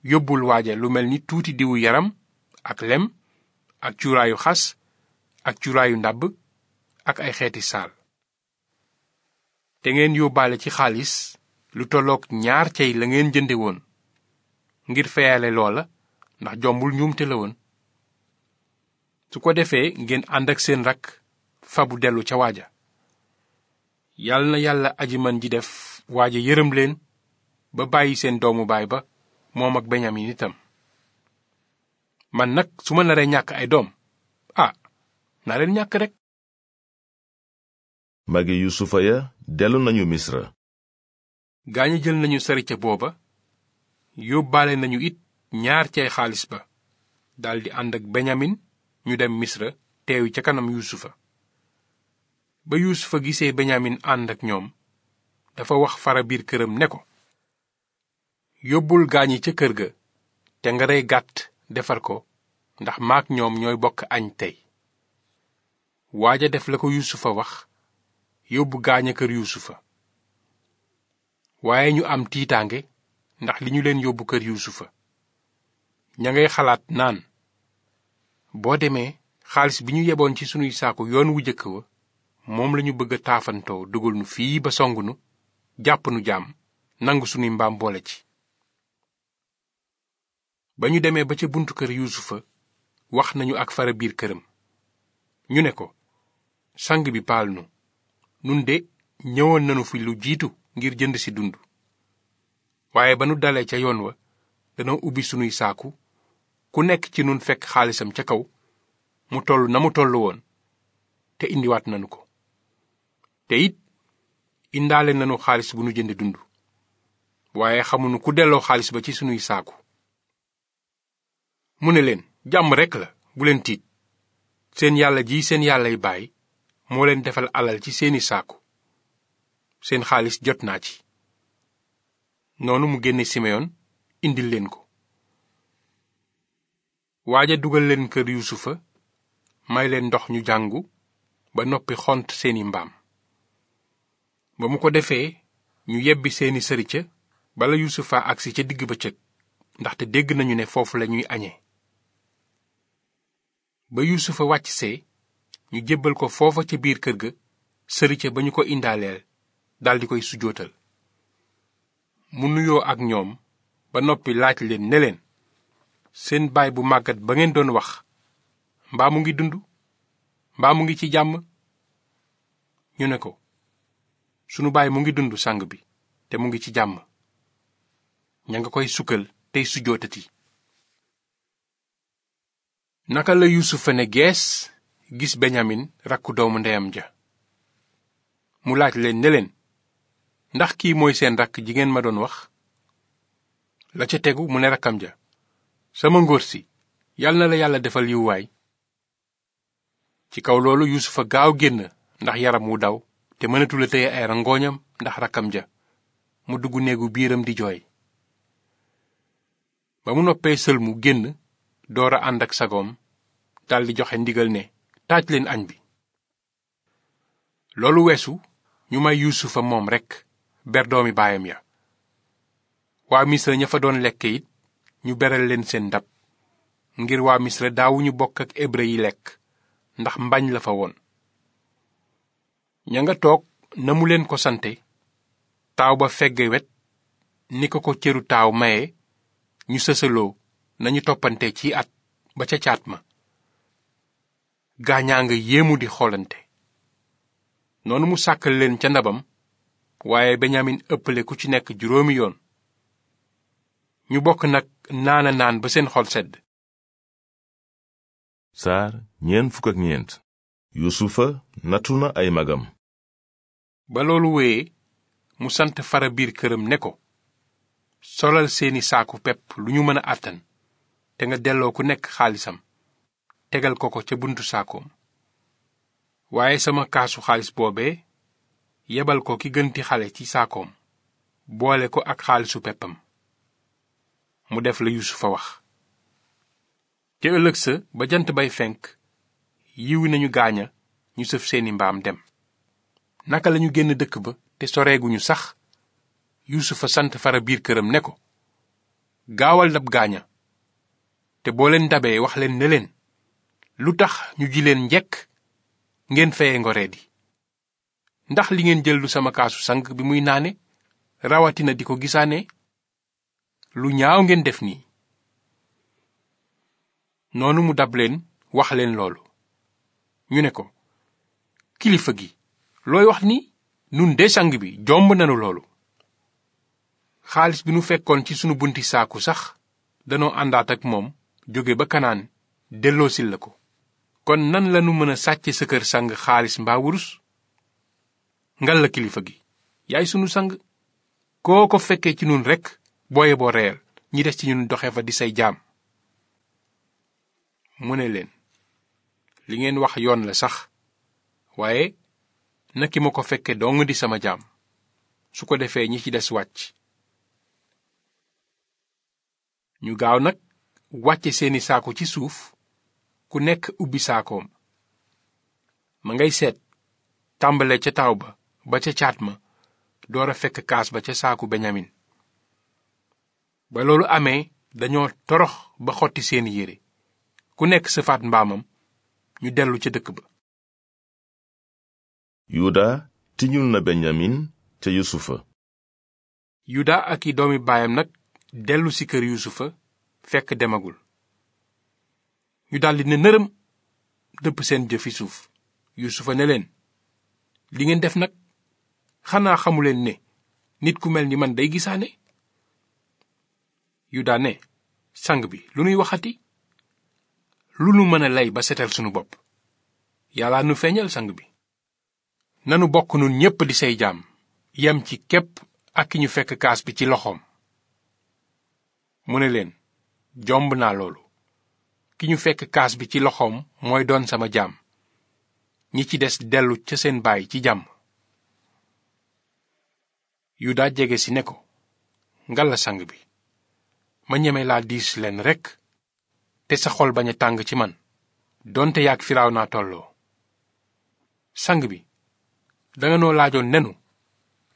yóbbul waaja lu mel ni tuuti diwu yaram ak lem ak cuuraayu xas ak cuuraayu ndàbb ak ay xeeti saal te ngeen yóbbaale ci xaalis lu tollook ñaar cey la ngeen jënde woon ngir feyale loola ndax jombul njuumte la woon su ko defee ngeen ànd ak seen rakk fabu dellu ca waaja yàlla na yàlla aji man ji def waaja yërëm leen ba bàyyi seen doomu baay ba moom ak Beñamin itam man nag su ma naree ñàkk ay doom a ah, na ñàkk rekk magi yusufa ya nañu misra gaañu jël nañu sarica booba yóbbaale nañu it ñaar cay xaalis ba daldi ànd ak Benyamin ñu dem Misra teewi ca kanam Yuusufa ba Yuusufa gisee Benyamin ànd ak ñoom dafa wax fara biir këram ne ko yóbbul gaañi ca kër ga te nga rey gàtt defar ko ndax maak ñoom ñooy bokk añ tey waaja def la ko Yuusufa wax yóbbu gaañ a kër Yuusufa waaye ñu am tiitaange ndax li ñu leen yóbbu kër yuusufa ña ngay xalaat naan boo demee xaalis bi ñu yeboon ci sunuy saaku yoon wu jëkk wa moom lañu bëgg a taafantoo dugal nu fii ba song nu jàpp nu jaam nangu sunuy mbaam boole ci ba ñu demee ba ca buntu kër yuusufa wax nañu ak fara biir këram ñu ne ko sang bi paal nu nun de ñëwoon nanu fi lu jiitu ngir jënd ci dund waaye ba nu dalee ca yoon wa danoo ubbi sunuy saaku ku nekk ci nun fekk xaalisam ca kaw mu toll na mu toll woon te indiwaat nanu ko te it indaale nanu xaalis bu nu jënd dund waaye xamunu ku delloo xaalis ba ci sunuy saaku mu ne leen jàmm rekk la bu leen tiit seen yàlla ji seen yàllay baay moo leen defal alal ci seeni saaku seen xaalis jot naa ci noonu mu génne simeyon indil leen ko waaja dugal leen kër yuusufa may leen ndox ñu jàngu ba noppi xont seeni mbaam ba mu ko defee ñu yebbi seeni sërica bala yuusufa agsi ca digg bëccëg ndaxte dégg nañu ne foofu la ñuy añee ba yuusufa wàcc see ñu jébbal ko foofa ca biir kër ga sërica ba ñu ko indaaleel daldi koy sujootal mu nuyoo ak ñoom ba noppi laaj leen ne seen baay bu màggat ba ngeen doon wax mbaa mu ngi dund mbaa mu ngi ci jàmm ñu ne ko sunu baay mu ngi dund sang bi te mu ngi ci jàmm ña nga koy sukkal tey sujjootati naka la yusufa ne gees gis beñamin rakku doomu ndeyam ja mu laaj leen ne ndax kii mooy seen rakk ji ngeen ma doon wax la ca tegu mu ne rakkam ja sama ngóor si yal na la yàlla defal yiw ci kaw loolu yuusufa gaaw génn ndax yaram wu daw te mënatul a tëye ay rangooñam ndax rakkam ja mu dugg néegu biiram di jooy ba mu noppee sëlmu génn door a ànd ak sagoom daldi joxe ndigal ne taaj leen añ bi loolu weesu ñu may yuusufa moom rekk ber doomi baayam waa misra ña fa doon lekk it ñu beral leen seen ndab ngir waa misra daawuñu bokk ak hébreu yi lekk ndax mbañ la fa woon ña nga toog na mu leen ko sante taaw ba fegge wet ni ko ko cëru taaw maye ñu sësaloo nañu toppante ci at ba ca caat ma gaañaa nga yéemu di xoolante noonu mu sàkkal leen ca ndabam waaye Benyamin ëppale ku ci nekk juróomi yoon ñu bokk nag naana naan ba seen xol sedd saar ñeent fukk ak ñeent yusufa nattu na ay magam ba loolu wéyee mu sant fara biir këram ne ko solal seeni saaku pepp lu ñu mën a àttan te nga delloo ku nekk xaalisam tegal ko ko ca buntu saakoom waaye sama kaasu xaalis boobee yebal ko ki gënti xale ci saakoom boole ko ak xaalisu peppam mu def la yusufa wax ca ëllëg sa ba jant bay fenk yiwi nañu gaaña ñu sëf seeni mbaam dem naka lañu génn dëkk ba te soreeguñu sax yusufa sant fara biir këram ne ko gaawal dab gaaña te boo leen dabee wax leen ne leen lu tax ñu ji leen njekk ngeen feye ngoreedi ndax li ngeen jël lu sama kaasu sang bi muy naane rawatina di ko gisaane lu ñaaw ngeen def nii noonu mu dab leen wax leen loolu ñu ne ko kilifa gi looy wax ni nun de sang bi jomb nanu loolu xaalis bi nu fekkoon ci sunu bunti saaku sax danoo àndaat ak moom jóge ba kanaan delloosil la ko kon nan lanu mën a sàcce sa kër sang xaalis mbaa wurus ngal la kilifa gi yaay sunu sang koo ko fekkee ci nun rekk booye boo reyal ñi des ci ñun doxe fa di say jaam mu ne leen li ngeen wax yoon la sax waaye na ki ma ko fekkee dong di sama jaam su ko defee ñi ci des wàcc ñu gaaw nag wàcce seeni saako ci suuf ku nekk ubbi saakoom ma ngay seet tàmbalee ca taaw ba ba ca caat ma door a fekk kaas ba ca saaku beñamin ba loolu amee dañoo torox ba xotti seeni yére ku nekk sëfaat mbaamam ñu dellu ca dëkk ba yuda na beñamin ca yusufa yuda ak i doomi baayam nag dellu si kër yusufa fekk demagul ñu daldi ne nërëm dëpp seen jëfi suuf yusufa ne leen ngeen def nag xanaa xamuleen ne nit ku mel ni man day gisaane yuda ne sang bi lu nuy waxati lu nu mën a lay ba setal sunu bopp yàlla nu feeñal sang bi nanu bokk nun ñépp di say jaam yem ci képp ak ki ñu fekk kaas bi ci loxoom mu ne leen jomb naa loolu ki ñu fekk kaas bi ci loxoom mooy doon sama jaam ñi ci des dellu ca seen baay ci jàmm yuda jege si ne ko ngalla sang bi ma ñeme laa diis leen rekk te sa xol bañ a tàng ci man donte yaag firaaw naa tolloo sang bi danga noo laajoon nenu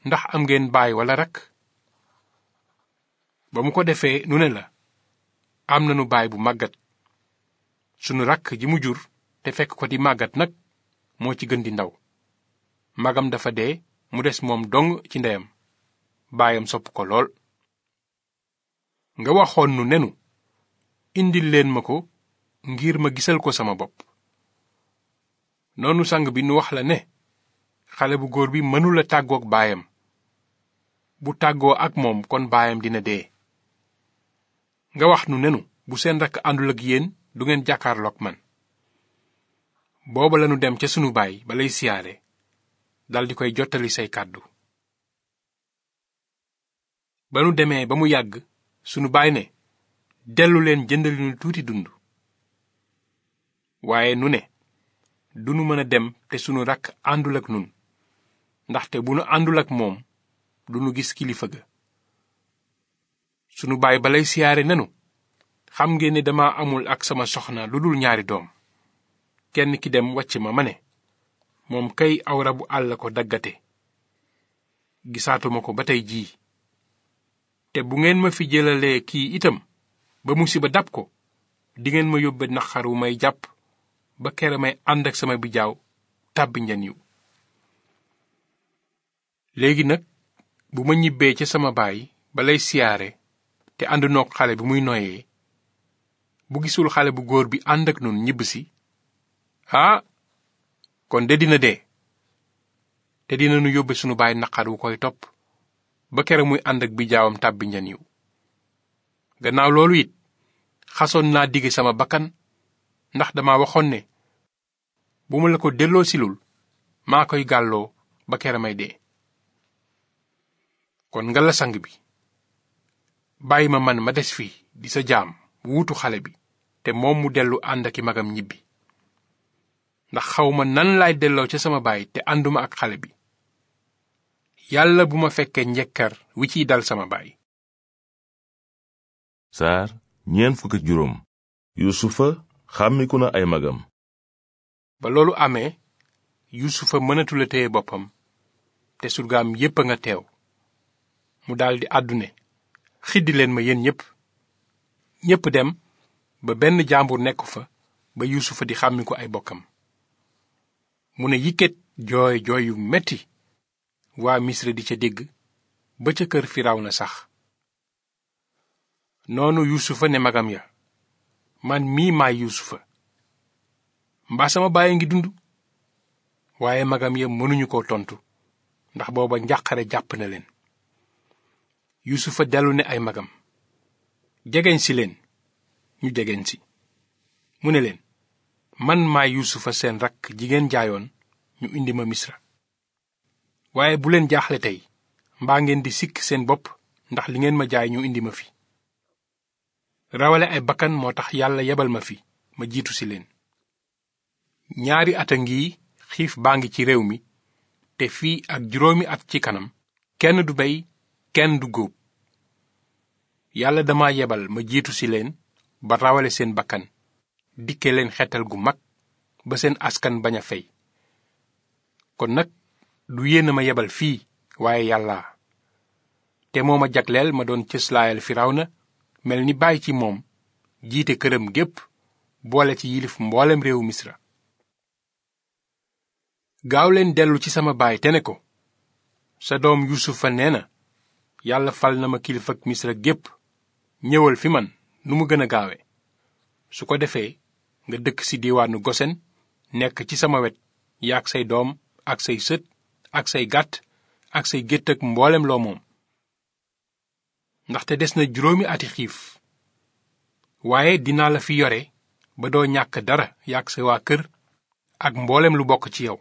ndax am ngeen baay walla rak ba mu ko defee nu ne la am na nu baay bu màggat sunu rakk ji mu jur te fekk ko di màggat nag moo ci gën di ndaw magam dafa dee mu des moom dong ci ndeyam baayam sopp ko lool nga waxoon nu nenu indil leen ma ko ngir ma gisal ko sama bopp noonu sang bi nu wax la ne xale bu góor bi mënula tàggook baayam bu tàggoo ak moom kon baayam dina dee nga wax nu nenu bu seen rakk àndul ak yéen du ngeen jàkkaarlook man booba lanu dem ca sunu baay balay siyaare daldi koy jottali say kàddu ba nu demee ba mu yàgg sunu baay ne dellu leen jëndali tuuti dund waaye nu ne dunu mën a dem te sunu rakk àndul ak nun ndaxte bu nu àndul ak moom dunu gis kilifa ga sunu baay balay siyaare nanu xam ngeen ne dama amul ak sama soxna lu dul ñaari doom kenn ki dem wàcc ma ma ne moom kay aw rabu àll ko daggate gisaatuma ko ba tey jii te bu ngeen ma fi jëlalee kii itam ba mu musiba dab ko dingeen ma yóbbe naqar wu may jàpp ba kere may ànd ak sama bijaaw tàbbi njan yiw léegi nag bu ma ñibbee ca sama baay balay siyaare te àndunoo xale bi muy noyee bu gisul xale bu góor bi ànd ak nun ñibb si ah kon de dina dee te dina nu yóbbe sunu baay naqar wu koy topp ba kere muy ànd ak bijaawam tàbbi njaniw gannaaw loolu it xasoon naa digg sama bakkan ndax dama waxoon ne bu ma la ko delloo silul maa koy gàlloo ba kere may dee kon nga sang bi bàyyi ma man ma des fii di sa jaam wuutu xale bi te moom mu dellu ànd ak i magam ñibbi ndax xaw ma nan laay delloo ca sama baay te ànduma ak xale bi yàlla bu ma fekkee njekkar wi ciy dal sama baay saar ñeent fukk yuusufa xàmmiku na ay magam ba loolu amee yuusufa mënatula téye boppam te surgaam yépp a nga teew mu daldi àddune xiddi leen ma yéen ñépp ñépp dem ba benn jaambur nekku fa ba yuusufa di xàmmiku ay bokkam mu ne yikket jooy jooy yu metti waa misra di ca dégg ba ca kër na sax noonu yuusufa ne magam ya man mii maay yuusufa mbaa sama baay ngi dund waaye magam ya mënuñu ko tontu ndax booba njàqare jàpp na leen yuusufa dellu ne ay magam jegeñ si leen ñu jegeñ si mu ne leen man maay yuusufa seen rakk jigéen jaayoon ñu indi ma misra waaye bu leen jaaxle tey mbaa ngeen di sikk seen bopp ndax li ngeen ma jaay ñu indi ma fi rawale ay bakkan moo tax yàlla yebal ma fi ma jiitu si leen ñaari at a ngi xiif baa ngi ci réew mi te fii ak juróomi at ci kanam kenn du bey kenn du góob yàlla dama yebal ma jiitu si leen ba rawale seen bakkan dikke leen xetal gu mag ba seen askan bañ a fey kon nag du yéen ma yebal fii waaye yàlla te moo ma jagleel ma doon cëslaayal na mel ni bàyyi ci moom jiite këram gépp boole ci yilif mboolem réew misra gaawleen dellu ci sama baay te ne ko sa doom yusufa nee na yàlla fal na ma kilifak misra gépp ñëwal fi man nu mu gën a gaawe su ko defee nga dëkk si diiwaanu gosen nekk ci sama wet yaak say doom ak say sët ak say gàtt ak say gétt ak loo moom ndaxte des na juróomi ati xiif waaye dinaa la fi yore ba doo ñàkk dara yàq sa waa kër ak mboolem lu bokk ci yow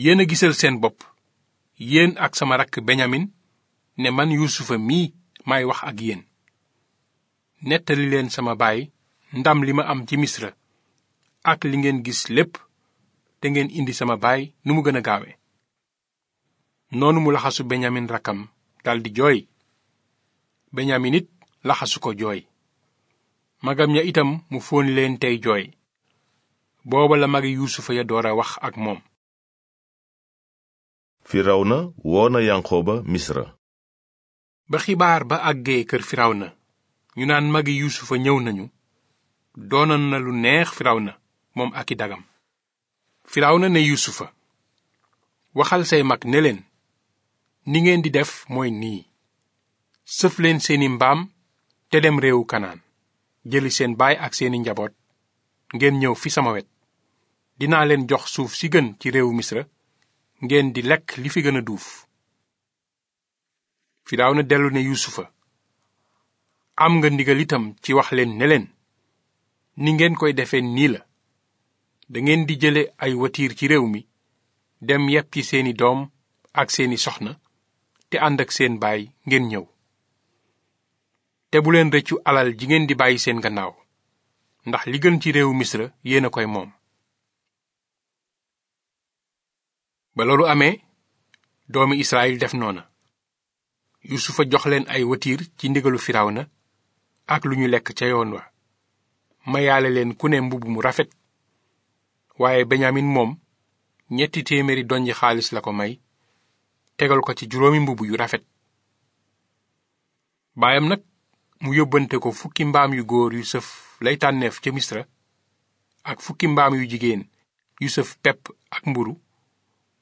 yéen a gisal seen bopp yéen ak sama rakk beñamin ne man Yuusufa mii may wax ak yéen nettali leen sama baay ndam li ma am ci Misra ak li ngeen gis lépp te ngeen indi sama baay nu mu gën a gaawe noonu mu laxasu beñamin rakkam daldi jooy benyamin it laxasu ko jooy magam ña itam mu fóon leen tey jooy booba la magi yuusufa ya door a wax ak moom na woo na ba misra ba xibaar ba àggee kër na ñu naan magi yuusufa ñëw nañu doonan na lu neex firawna moom ak i dagam firawna ne yusufa waxal say mag ne leen ni ngeen di def mooy nii sëf leen seeni mbaam te dem réewu kanaan jëli seen baay ak seeni njaboot ngeen ñëw fi sama wet dinaa leen jox suuf si gën ci réewu misra ngeen di lekk li fi gën a duuf firawna dellu ne yusufa am nga ndigal itam ci wax leen ne leen ni ngeen koy defee nii la dangeen di jële ay watiir ci réew mi dem yeb ci seeni doom ak seeni soxna te ànd ak seen baay ngeen ñëw te bu leen rëccu alal ji ngeen di bàyyi seen gannaaw ndax li gën ci réewu misra yéen a koy moom ba loolu amee doomi israel def noona yusufa jox leen ay watiir ci ndigalu na ak lu ñu lekk ca yoon wa mayaale leen ku ne mbubb mu rafet waaye Benyamin moom ñetti téeméeri donji xaalis la ko may tegal ko ci juróomi mbubb yu rafet baayam nag mu yóbbante ko fukki mbaam yu góor yu sëf lay tànneef ca misra ak fukki mbaam yu jigéen yu sëf pepp ak mburu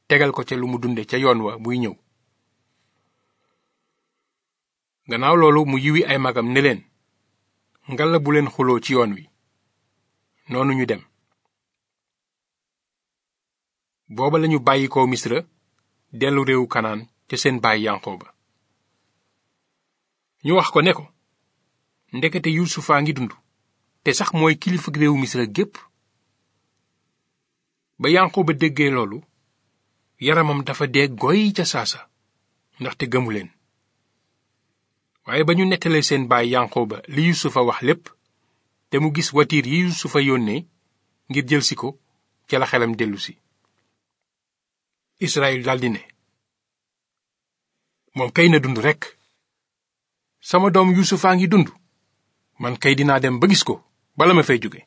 tegal ko ca lu mu dunde ca yoon wa muy ñëw gannaaw loolu mu yiwi ay magam ne leen ngalla bu leen xuloo ci yoon wi noonu ñu dem booba lañu bàyyi ko misra dellu réewu kanaan ca seen baay yanqooba ñu wax ko ne ko ndekete yuusufaa ngi dund te sax mooy kilifa réewu misra gépp ba ba déggee loolu yaramam dafa dee goy ca saasa ndaxte gëmu leen waaye ba ñu nekkalee seen baay ba li yuusufa wax lépp te mu gis watiir yi yuusufa yónnee ngir jëlsi ko ca la xelam dellusi Israyil daldi ne moom kay na dund rek sama doom faa ngi dund man kay dinaa dem ba gis ko bala ma fay jóge